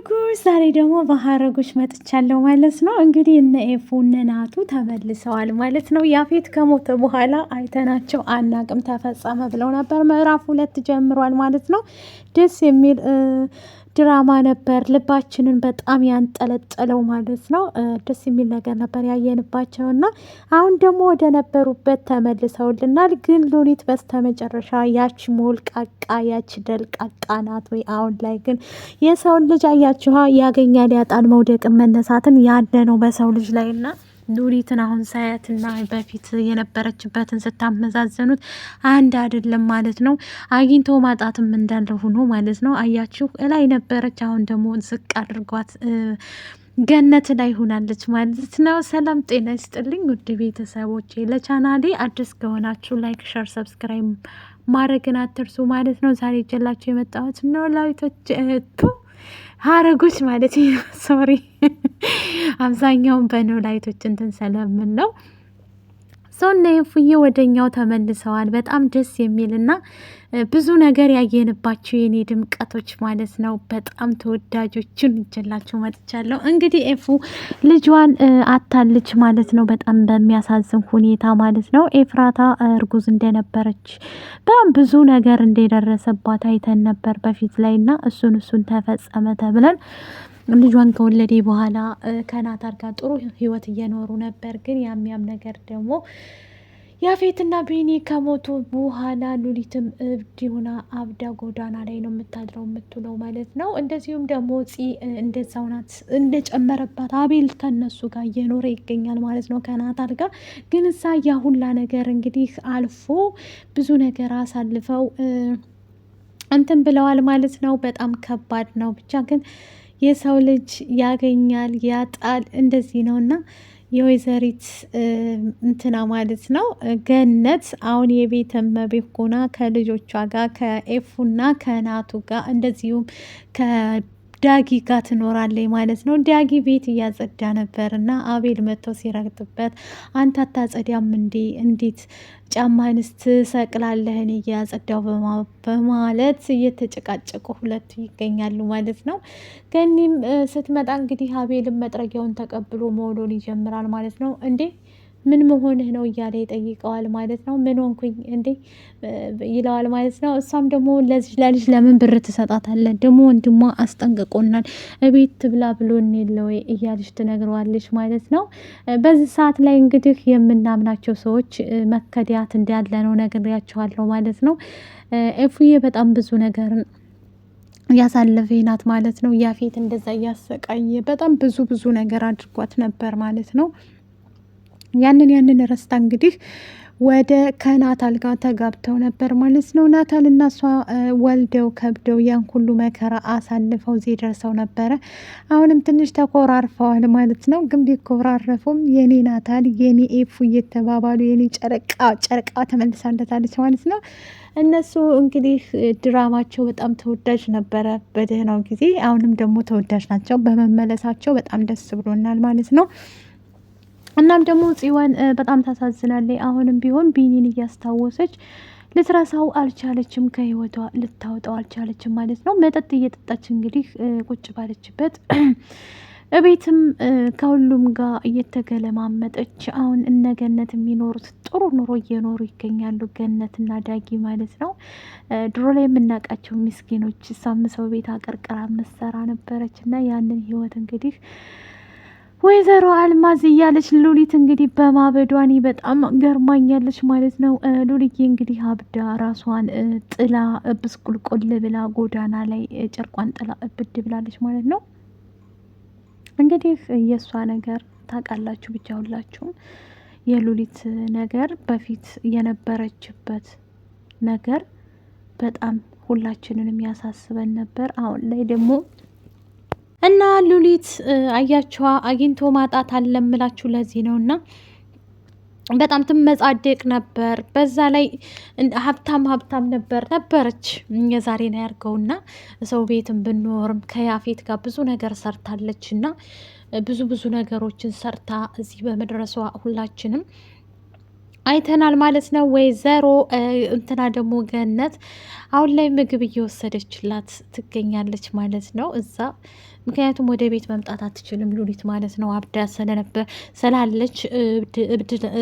ሀረጎች ዛሬ ደግሞ በሀረጎች መጥቻለሁ ማለት ነው። እንግዲህ እነ ኤፉ እነ ናቱ ተመልሰዋል ማለት ነው። ያፌት ከሞተ በኋላ አይተናቸው አናቅም ተፈጸመ ብለው ነበር። ምዕራፍ ሁለት ጀምሯል ማለት ነው። ደስ የሚል ድራማ ነበር። ልባችንን በጣም ያንጠለጠለው ማለት ነው። ደስ የሚል ነገር ነበር ያየንባቸው እና አሁን ደግሞ ወደ ነበሩበት ተመልሰውልናል። ግን ሉሊት በስተመጨረሻ ያች ሞልቃቃ ያች ደልቃቃ ናት ወይ? አሁን ላይ ግን የሰውን ልጅ አያችኋ፣ ያገኛል ያጣል፣ መውደቅን መነሳትን ያለ ነው በሰው ልጅ ላይ እና ሉሊትን አሁን ሳያትና በፊት የነበረችበትን ስታመዛዘኑት አንድ አይደለም ማለት ነው። አግኝቶ ማጣትም እንዳለ ሆኖ ማለት ነው። አያችሁ፣ እላይ ነበረች፣ አሁን ደግሞ ዝቅ አድርጓት ገነት ላይ ሆናለች ማለት ነው። ሰላም ጤና ይስጥልኝ ውድ ቤተሰቦቼ፣ ለቻናሌ አዲስ ከሆናችሁ ላይክ፣ ሸር፣ ሰብስክራይብ ማድረግን አትርሱ ማለት ነው። ዛሬ ይዤላችሁ የመጣሁት ኖላዊቶች ሀረጎች ማለት ሶሪ አብዛኛውን በኖላይቶች እንትን ስለምን ነው ሰውና የፉዬ ወደኛው ተመልሰዋል። በጣም ደስ የሚልና ብዙ ነገር ያየንባቸው የኔ ድምቀቶች ማለት ነው። በጣም ተወዳጆችን ይችላቸው መጥቻለሁ። እንግዲህ ኤፉ ልጇን አታለች ማለት ነው። በጣም በሚያሳዝን ሁኔታ ማለት ነው። ኤፍራታ እርጉዝ እንደነበረች በጣም ብዙ ነገር እንደደረሰባት አይተን ነበር በፊት ላይ እና እሱን እሱን ተፈጸመ ተብለን ልጇን ከወለደ በኋላ ከናታን ጋር ጥሩ ህይወት እየኖሩ ነበር። ግን ያሚያም ነገር ደግሞ ያፌትና ቢኒ ከሞቱ በኋላ ሉሊትም እብድ ሆና አብዳ ጎዳና ላይ ነው የምታድረው የምትውለው ማለት ነው። እንደዚሁም ደግሞ ፂ እንደዛው ናት እንደጨመረባት አቤል ከነሱ ጋር እየኖረ ይገኛል ማለት ነው ከናታን ጋር ግን እዛ ያ ሁላ ነገር እንግዲህ አልፎ ብዙ ነገር አሳልፈው እንትን ብለዋል ማለት ነው። በጣም ከባድ ነው ብቻ ግን የሰው ልጅ ያገኛል ያጣል፣ እንደዚህ ነው እና የወይዘሪት እንትና ማለት ነው ገነት አሁን የቤተ እመቤት ሆና ከልጆቿ ጋር ከኤፉና ከናቱ ጋር እንደዚሁም ዳጊ ጋ ትኖራለች ማለት ነው። ዳጊ ቤት እያጸዳ ነበር እና አቤል መጥቶ ሲረግጥበት አንተ አታጸዳም እንዴ? እንዴት ጫማህንስ ትሰቅላለህን? እያጸዳው በማለት እየተጨቃጨቁ ሁለቱ ይገኛሉ ማለት ነው። ገኒም ስትመጣ እንግዲህ አቤልን መጥረጊያውን ተቀብሎ መውሎን ይጀምራል ማለት ነው። እንዴ ምን መሆንህ ነው እያለ ይጠይቀዋል ማለት ነው። ምን ሆንኩኝ እንዴ ይለዋል ማለት ነው። እሷም ደግሞ ለዚህ ለልጅ ለምን ብር ትሰጣታለን? ደግሞ ወንድሟ አስጠንቅቆናል፣ እቤት ትብላ ብሎን የለ ወይ እያልሽ ትነግረዋለች ማለት ነው። በዚህ ሰዓት ላይ እንግዲህ የምናምናቸው ሰዎች መከዳት እንዳለ ነው ነግሬያቸዋለሁ ማለት ነው። ኤፉዬ በጣም ብዙ ነገር ያሳለፈ ናት ማለት ነው። ያፌት እንደዛ እያሰቃየ በጣም ብዙ ብዙ ነገር አድርጓት ነበር ማለት ነው። ያንን ያንን ረስታ እንግዲህ ወደ ከናታል ጋር ተጋብተው ነበር ማለት ነው። ናታል እና እሷ ወልደው ከብደው ያን ሁሉ መከራ አሳልፈው እዚህ ደርሰው ነበረ። አሁንም ትንሽ ተኮራርፈዋል ማለት ነው። ግን ቢኮራረፉም የኔ ናታል የኔ ኤፉ እየተባባሉ የኔ ጨረቃ ጨረቃ ተመልሳለታለች ማለት ነው። እነሱ እንግዲህ ድራማቸው በጣም ተወዳጅ ነበረ በደህናው ጊዜ። አሁንም ደግሞ ተወዳጅ ናቸው። በመመለሳቸው በጣም ደስ ብሎናል ማለት ነው። እናም ደግሞ ጽዮን በጣም ታሳዝናለች። አሁንም ቢሆን ቢኒን እያስታወሰች ልትረሳው አልቻለችም፣ ከህይወቷ ልታወጣው አልቻለችም ማለት ነው። መጠጥ እየጠጣች እንግዲህ ቁጭ ባለችበት እቤትም ከሁሉም ጋር እየተገለማመጠች አሁን እነ ገነት የሚኖሩት ጥሩ ኑሮ እየኖሩ ይገኛሉ። ገነትና ዳጊ ማለት ነው። ድሮ ላይ የምናውቃቸው ምስኪኖች፣ እሷም ሰው ቤት አቀርቅራ መሰራ ነበረች እና ያንን ህይወት እንግዲህ ወይዘሮ አልማዝ እያለች ሉሊት እንግዲህ በማበዷኒ በጣም ገርማኛለች ማለት ነው። ሉሊት እንግዲህ አብዳ ራሷን ጥላ ብስቁልቁል ብላ ጎዳና ላይ ጨርቋን ጥላ እብድ ብላለች ማለት ነው። እንግዲህ የእሷ ነገር ታውቃላችሁ ብቻ ሁላችሁም የሉሊት ነገር በፊት የነበረችበት ነገር በጣም ሁላችንንም ያሳስበን ነበር። አሁን ላይ ደግሞ እና ሉሊት አያችኋ አግኝቶ ማጣት አለምላችሁ ለዚህ ነው እና በጣም ትመጻደቅ ነበር። በዛ ላይ ሀብታም ሀብታም ነበር ነበረች። የዛሬ ነው ያርገውና ሰው ቤትም ብንኖርም ከያፌት ጋር ብዙ ነገር ሰርታለች እና ብዙ ብዙ ነገሮችን ሰርታ እዚህ በመድረሷ ሁላችንም አይተናል ማለት ነው። ወይዘሮ እንትና ደግሞ ገነት አሁን ላይ ምግብ እየወሰደችላት ትገኛለች ማለት ነው እዛ ምክንያቱም ወደ ቤት መምጣት አትችልም ሉሊት ማለት ነው። አብዳ ስለነበር ስላለች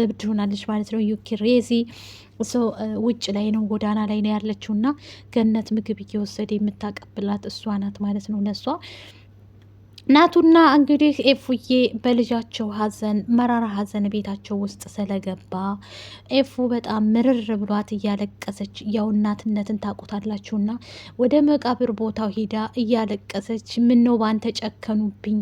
እብድ ሆናለች ማለት ነው። ዩኪሬዚ ውጭ ላይ ነው ጎዳና ላይ ነው ያለችው እና ገነት ምግብ እየወሰደ የምታቀብላት እሷ ናት ማለት ነው ለእሷ ናቱና እንግዲህ ኤፉዬ በልጃቸው ሀዘን መራራ ሀዘን ቤታቸው ውስጥ ስለገባ ኤፉ በጣም ምርር ብሏት እያለቀሰች ያው እናትነትን ታውቁታላችሁና ወደ መቃብር ቦታው ሄዳ እያለቀሰች ምነው ባንተ ጨከኑብኝ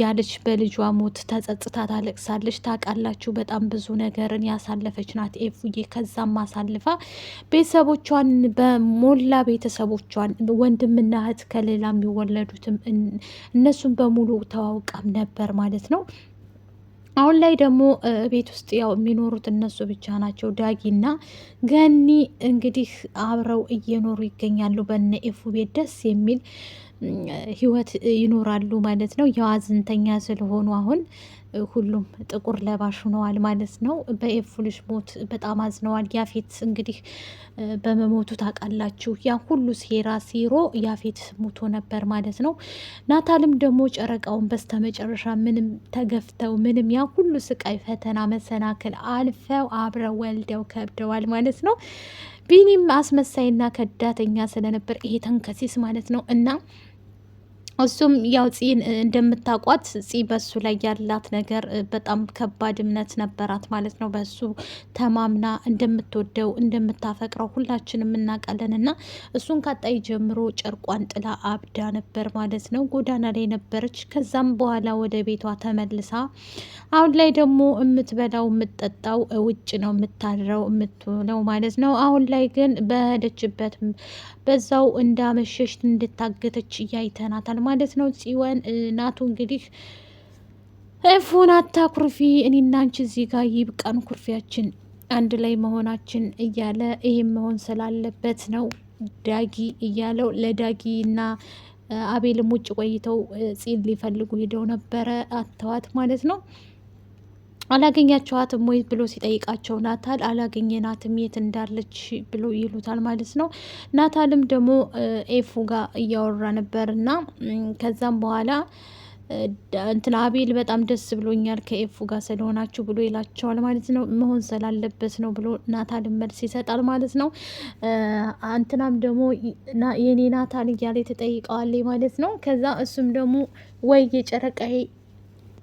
ያለች በልጇ ሞት ተጸጽታ ታለቅሳለች። ታውቃላችሁ በጣም ብዙ ነገርን ያሳለፈች ናት ኤፉዬ። ከዛም አሳልፋ ቤተሰቦቿን በሞላ ቤተሰቦቿን ወንድምና እህት ከሌላ የሚወለዱትም እነሱን በሙሉ ተዋውቃም ነበር ማለት ነው። አሁን ላይ ደግሞ ቤት ውስጥ ያው የሚኖሩት እነሱ ብቻ ናቸው። ዳጊና ገኒ እንግዲህ አብረው እየኖሩ ይገኛሉ በነ ኤፉ ቤት ደስ የሚል ህይወት ይኖራሉ ማለት ነው። ያው ስለሆኑ አሁን ሁሉም ጥቁር ለባሽ ሆነዋል ማለት ነው። በኤፉ ሞት በጣም አዝነዋል። ያፌት እንግዲህ በመሞቱ ታውቃላችሁ። ያ ሁሉ ሴራ ሲሮ ያፌት ሙቶ ነበር ማለት ነው። ናታልም ደግሞ ጨረቃውን በስተመጨረሻ ምንም ተገፍተው ምንም ያ ሁሉ ስቃይ፣ ፈተና፣ መሰናክል አልፈው አብረው ወልደው ከብደዋል ማለት ነው። ቢኒም አስመሳይና ከዳተኛ ስለነበር ይሄ ተንከሲስ ማለት ነው እና እሱም ያው ፂን እንደምታቋት ፂ በሱ ላይ ያላት ነገር በጣም ከባድ እምነት ነበራት ማለት ነው። በሱ ተማምና እንደምትወደው እንደምታፈቅረው ሁላችንም እናውቃለን። እና እሱን ካጣይ ጀምሮ ጨርቋን ጥላ አብዳ ነበር ማለት ነው። ጎዳና ላይ ነበረች። ከዛም በኋላ ወደ ቤቷ ተመልሳ አሁን ላይ ደግሞ የምትበላው የምትጠጣው ውጭ ነው የምታድረው የምትውለው ማለት ነው። አሁን ላይ ግን በሄደችበት በዛው እንዳመሸሽ እንድታገተች እያይተናታል። ማለት ነው። ጽወን ናቱ እንግዲህ እፉን አታኩርፊ፣ እኔና አንቺ እዚህ ጋር ይብቃን ኩርፊያችን፣ አንድ ላይ መሆናችን እያለ ይህም መሆን ስላለበት ነው ዳጊ እያለው ለዳጊና አቤልም ውጭ ቆይተው ጽን ሊፈልጉ ሄደው ነበረ አተዋት ማለት ነው። አላገኛቸዋትም ወይ ብሎ ሲጠይቃቸው ናታል አላገኘናትም የት እንዳለች ብሎ ይሉታል ማለት ነው። ናታልም ደግሞ ኤፉ ጋር እያወራ ነበር እና ከዛም በኋላ እንትና አቤል በጣም ደስ ብሎኛል ከኤፉ ጋር ስለሆናችሁ ብሎ ይላቸዋል ማለት ነው። መሆን ስላለበት ነው ብሎ ናታልን መልስ ይሰጣል ማለት ነው። እንትናም ደግሞ የኔ ናታል እያለ ተጠይቀዋል ማለት ነው። ከዛ እሱም ደግሞ ወይ የጨረቃዬ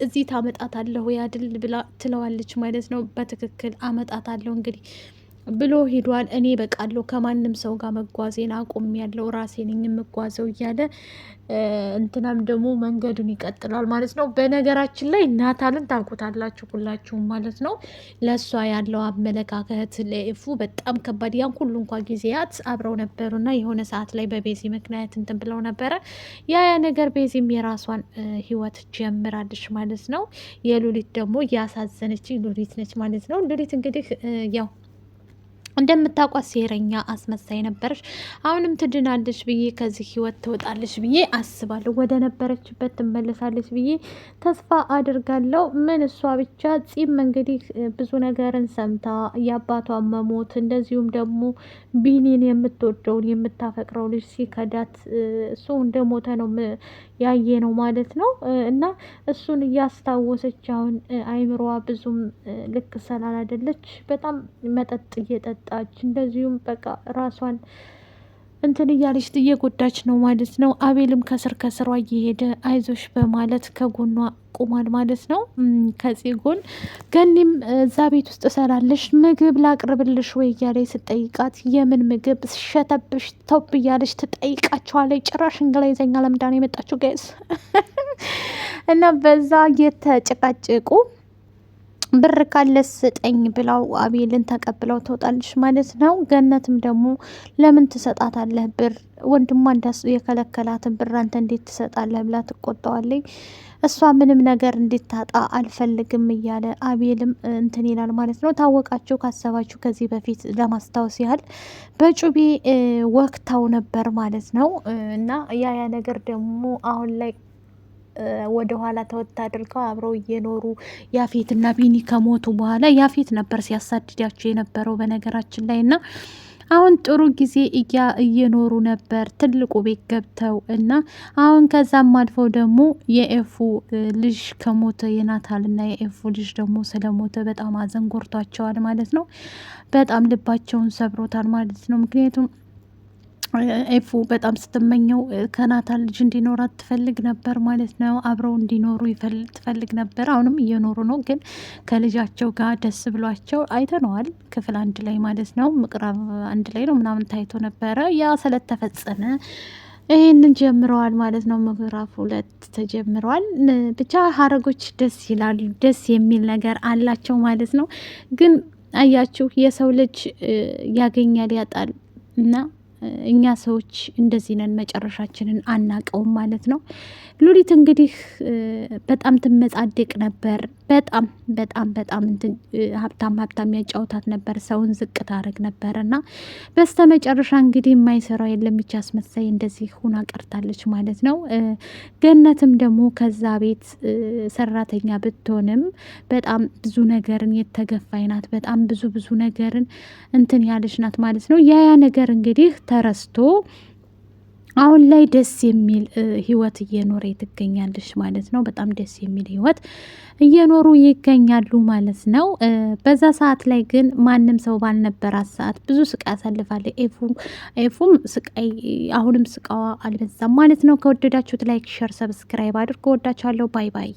እዚህ ታመጣታለሁ አለሁ አይደል ብላ ትለዋለች ማለት ነው። በትክክል አመጣታለሁ እንግዲህ ብሎ ሂዷል። እኔ በቃለሁ ከማንም ሰው ጋር መጓዜን አቁም ያለው ራሴን የምጓዘው እያለ እንትናም ደግሞ መንገዱን ይቀጥላል ማለት ነው። በነገራችን ላይ ናታልን ታውቁታላችሁ ሁላችሁም ማለት ነው። ለእሷ ያለው አመለካከት ለእፉ በጣም ከባድ። ያን ሁሉ እንኳ ጊዜያት አብረው ነበሩና የሆነ ሰዓት ላይ በቤዚ ምክንያት እንትን ብለው ነበረ። ያ ያ ነገር ቤዚም የራሷን ህይወት ጀምራለች ማለት ነው። የሉሊት ደግሞ እያሳዘነች ሉሊት ነች ማለት ነው። ሉሊት እንግዲህ ያው እንደምታውቋት ሴረኛ አስመሳይ ነበረች። አሁንም ትድናለች ብዬ ከዚህ ህይወት ትወጣለች ብዬ አስባለሁ። ወደ ነበረችበት ትመለሳለች ብዬ ተስፋ አድርጋለሁ። ምን እሷ ብቻ ጺም እንግዲህ ብዙ ነገርን ሰምታ የአባቷ መሞት እንደዚሁም ደግሞ ቢኒን የምትወደውን የምታፈቅረው ልጅ ሲከዳት እሱ እንደሞተ ነው ያየ ነው ማለት ነው እና እሱን እያስታወሰች አሁን አይምሮዋ ብዙም ልክ ሰላል አይደለች። በጣም መጠጥ እየጠጥ እየመጣች እንደዚሁም በቃ ራሷን እንትን እያለች እየጎዳች ነው ማለት ነው። አቤልም ከስር ከስሯ እየሄደ አይዞሽ በማለት ከጎኗ ቆሟል ማለት ነው። ከዚህ ጎን ገኒም እዛ ቤት ውስጥ እሰራለሽ ምግብ ላቅርብልሽ ወይ እያለች ስጠይቃት የምን ምግብ ሸተብሽ ተብ እያለች ትጠይቃቸዋለች። ጭራሽ እንግሊዘኛ ለምዳን የመጣችው ጋይስ እና በዛ እየተጨቃጨቁ ብር ካለ ስጠኝ ብላው አቤልን ተቀብለው ትወጣለች ማለት ነው። ገነትም ደግሞ ለምን ትሰጣታለህ ብር ወንድሟ እንዳስ የከለከላትን ብር አንተ እንዴት ትሰጣለህ ብላ ትቆጣዋለች። እሷ ምንም ነገር እንድታጣ አልፈልግም እያለ አቤልም እንትን ይላል ማለት ነው። ታወቃችሁ ካሰባችሁ ከዚህ በፊት ለማስታወስ ያህል በጩቤ ወቅታው ነበር ማለት ነው እና ያ ያ ነገር ደግሞ አሁን ላይ ወደኋላ ተወት አድርገው አብረው እየኖሩ ያፌትና ቢኒ ከሞቱ በኋላ ያፌት ነበር ሲያሳድዳቸው የነበረው በነገራችን ላይ እና አሁን ጥሩ ጊዜ እያ እየኖሩ ነበር ትልቁ ቤት ገብተው እና አሁን ከዛም አልፈው ደግሞ የኤፉ ልጅ ከሞተ የናታልና የኤፉ ልጅ ደግሞ ስለሞተ በጣም አዘን ጎርቷቸዋል ማለት ነው። በጣም ልባቸውን ሰብሮታል ማለት ነው። ምክንያቱም ኤፉ በጣም ስትመኘው ከናታን ልጅ እንዲኖራት ትፈልግ ነበር ማለት ነው። አብረው እንዲኖሩ ትፈልግ ነበር። አሁንም እየኖሩ ነው፣ ግን ከልጃቸው ጋር ደስ ብሏቸው አይተነዋል። ክፍል አንድ ላይ ማለት ነው፣ ምቅራብ አንድ ላይ ነው ምናምን ታይቶ ነበረ። ያ ስለተፈጸመ ይህንን ጀምረዋል ማለት ነው። ምዕራፍ ሁለት ተጀምረዋል። ብቻ ሀረጎች ደስ ይላሉ፣ ደስ የሚል ነገር አላቸው ማለት ነው። ግን አያችሁ የሰው ልጅ ያገኛል፣ ያጣል እና እኛ ሰዎች እንደዚህ ነን፣ መጨረሻችንን አናቀውም ማለት ነው። ሉሊት እንግዲህ በጣም ትመጻደቅ ነበር በጣም በጣም በጣም ሀብታም ሀብታም ያጫውታት ነበር። ሰውን ዝቅ ታደርግ ነበር እና በስተ መጨረሻ እንግዲህ የማይሰራው የለም ብቻ አስመሳይ እንደዚህ ሁና ቀርታለች ማለት ነው። ገነትም ደግሞ ከዛ ቤት ሰራተኛ ብትሆንም በጣም ብዙ ነገርን የተገፋይ ናት። በጣም ብዙ ብዙ ነገርን እንትን ያለች ናት ማለት ነው። ያያ ነገር እንግዲህ ተረስቶ አሁን ላይ ደስ የሚል ህይወት እየኖረ ትገኛለች ማለት ነው። በጣም ደስ የሚል ህይወት እየኖሩ ይገኛሉ ማለት ነው። በዛ ሰዓት ላይ ግን ማንም ሰው ባልነበራት ሰዓት ብዙ ስቃይ አሳልፋለ። ኤፉም ስቃይ አሁንም ስቃዋ አልበዛም ማለት ነው። ከወደዳችሁት ላይክ፣ ሸር፣ ሰብስክራይብ አድርጎ ወዳችኋለሁ። ባይ ባይ